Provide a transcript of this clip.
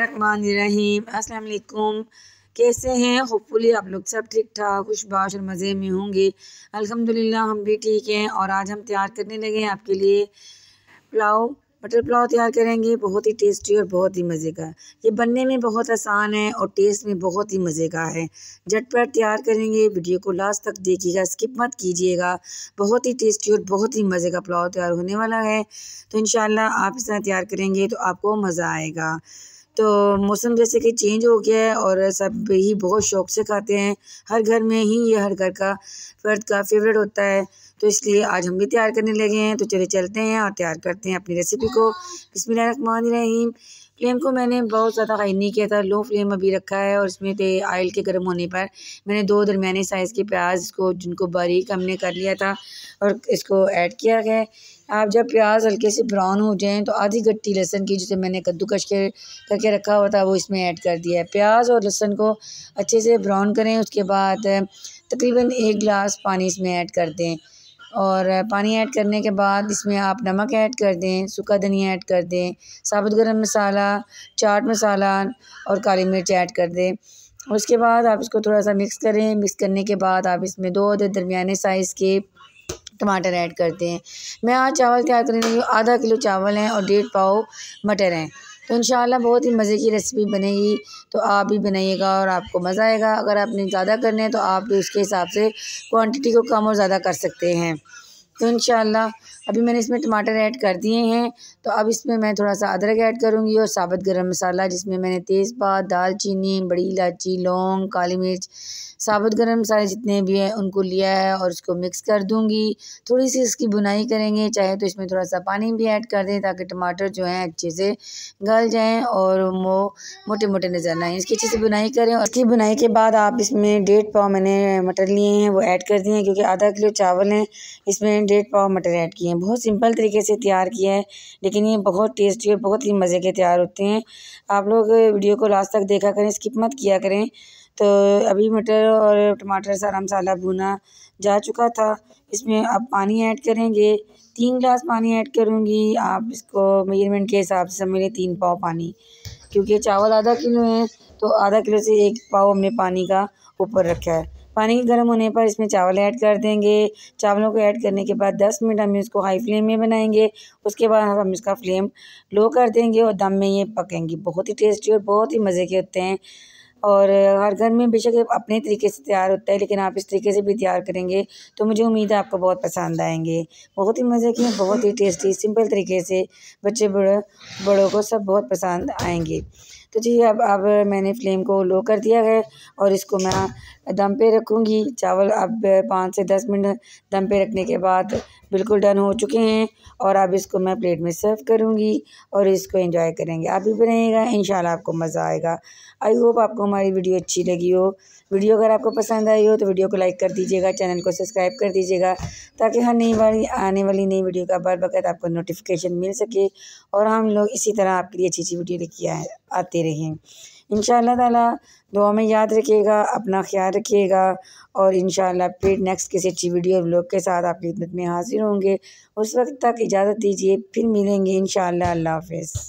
अस्सलाम वालेकुम कैसे हैं होपफुली आप लोग सब ठीक ठाक खुशबाश और मज़े में होंगे अल्हम्दुलिल्लाह हम भी ठीक हैं और आज हम तैयार करने लगे हैं आपके लिए पुलाव बटर पुलाव तैयार करेंगे बहुत ही टेस्टी और बहुत ही मज़े का ये बनने में बहुत आसान है और टेस्ट में बहुत ही मज़े का है झटपट तैयार करेंगे वीडियो को लास्ट तक देखिएगा स्किप मत कीजिएगा बहुत ही टेस्टी और बहुत ही मज़े का पुलाव तैयार होने वाला है तो इन आप इस तरह तैयार करेंगे तो आपको मज़ा आएगा तो मौसम जैसे कि चेंज हो गया है और सब ही बहुत शौक से खाते हैं हर घर में ही ये हर घर का फर्द का फेवरेट होता है तो इसलिए आज हम भी तैयार करने लगे हैं तो चले चलते हैं और तैयार करते हैं अपनी रेसिपी को रहीम फ्लेम को मैंने बहुत ज़्यादा हाई नहीं किया था लो फ्लेम अभी रखा है और इसमें थे आयल के गर्म होने पर मैंने दो दरमिया साइज़ के प्याज को जिनको बारीक हमने कर लिया था और इसको ऐड किया गया आप जब प्याज हल्के से ब्राउन हो जाएं तो आधी गट्टी लहसन की जिसे मैंने कद्दूकश के करके रखा हुआ था वो इसमें ऐड कर दिया है प्याज और लहसन को अच्छे से ब्राउन करें उसके बाद तकरीबन एक गिलास पानी इसमें ऐड कर दें और पानी ऐड करने के बाद इसमें आप नमक ऐड कर दें सूखा धनिया ऐड कर दें साबुत गरम मसाला चाट मसाला और काली मिर्च ऐड कर दें उसके बाद आप इसको थोड़ा सा मिक्स करें मिक्स करने के बाद आप इसमें दो अदर दरमियाने साइज़ के टमाटर ऐड कर दें मैं आज चावल तैयार करने लगी हूँ आधा किलो चावल हैं और डेढ़ पाव मटर हैं तो इन बहुत ही मज़े की रेसिपी बनेगी तो आप भी बनाइएगा और आपको मज़ा आएगा अगर आपने ज़्यादा करने हैं तो आप भी उसके हिसाब से क्वांटिटी को कम और ज़्यादा कर सकते हैं तो इन अभी मैंने इसमें टमाटर ऐड कर दिए हैं तो अब इसमें मैं थोड़ा सा अदरक ऐड करूँगी और साबुत गर्म मसाला जिसमें मैंने तेज़पात दालचीनी बड़ी इलायची लौंग काली मिर्च साबुत गर्म मसाले जितने भी हैं उनको लिया है और उसको मिक्स कर दूँगी थोड़ी सी इसकी बुनाई करेंगे चाहे तो इसमें थोड़ा सा पानी भी ऐड कर दें ताकि टमाटर जो हैं अच्छे से गल जाएँ और वो मोटे मोटे नज़र ना आए इसकी अच्छे से बुनाई करें और इसकी बुनाई के बाद आप इसमें डेढ़ पाव मैंने मटर लिए हैं वो ऐड कर दिए हैं क्योंकि आधा किलो चावल हैं इसमें हंड्रेड पाव मटर ऐड किए हैं बहुत सिंपल तरीके से तैयार किया है लेकिन ये बहुत टेस्टी और बहुत ही मज़े के तैयार होते हैं आप लोग वीडियो को लास्ट तक देखा करें स्किप मत किया करें तो अभी मटर और टमाटर सारा मसाला भुना जा चुका था इसमें आप पानी ऐड करेंगे तीन गिलास पानी ऐड करूँगी आप इसको मेजरमेंट के हिसाब से समझ लें तीन पाव पानी क्योंकि चावल आधा किलो है तो आधा किलो से एक पाव हमने पानी का ऊपर रखा है पानी गर्म होने पर इसमें चावल ऐड कर देंगे चावलों को ऐड करने के बाद दस मिनट हम इसको हाई फ्लेम में बनाएंगे उसके बाद हम इसका फ्लेम लो कर देंगे और दम में ये पकेंगी बहुत ही टेस्टी और बहुत ही मज़े के होते हैं और हर घर में बेशक अपने तरीके से तैयार होता है लेकिन आप इस तरीके से भी तैयार करेंगे तो मुझे उम्मीद है आपको बहुत पसंद आएंगे बहुत ही मज़े की बहुत ही टेस्टी सिंपल तरीके से बच्चे बड़े बड़ों को सब बहुत पसंद आएंगे तो जी अब अब मैंने फ्लेम को लो कर दिया है और इसको मैं दम पे रखूँगी चावल अब पाँच से दस मिनट दम पे रखने के बाद बिल्कुल डन हो चुके हैं और अब इसको मैं प्लेट में सर्व करूँगी और इसको एंजॉय करेंगे आप भी बनाइएगा इन आपको मज़ा आएगा आई होप आपको हमारी वीडियो अच्छी लगी हो वीडियो अगर आपको पसंद आई हो तो वीडियो को लाइक कर दीजिएगा चैनल को सब्सक्राइब कर दीजिएगा ताकि हर नई बार आने वाली नई वीडियो का बार बकत आपको नोटिफिकेशन मिल सके और हम लोग इसी तरह आपके लिए अच्छी अच्छी वीडियो लेके आते रहें इन ताला दुआ में याद रखिएगा अपना ख्याल रखिएगा और इन फिर नेक्स्ट किसी अच्छी वीडियो ब्लॉग के साथ आपकी खिदमत में हाजिर होंगे उस वक्त तक इजाज़त दीजिए फिर मिलेंगे इन अल्लाह हाफ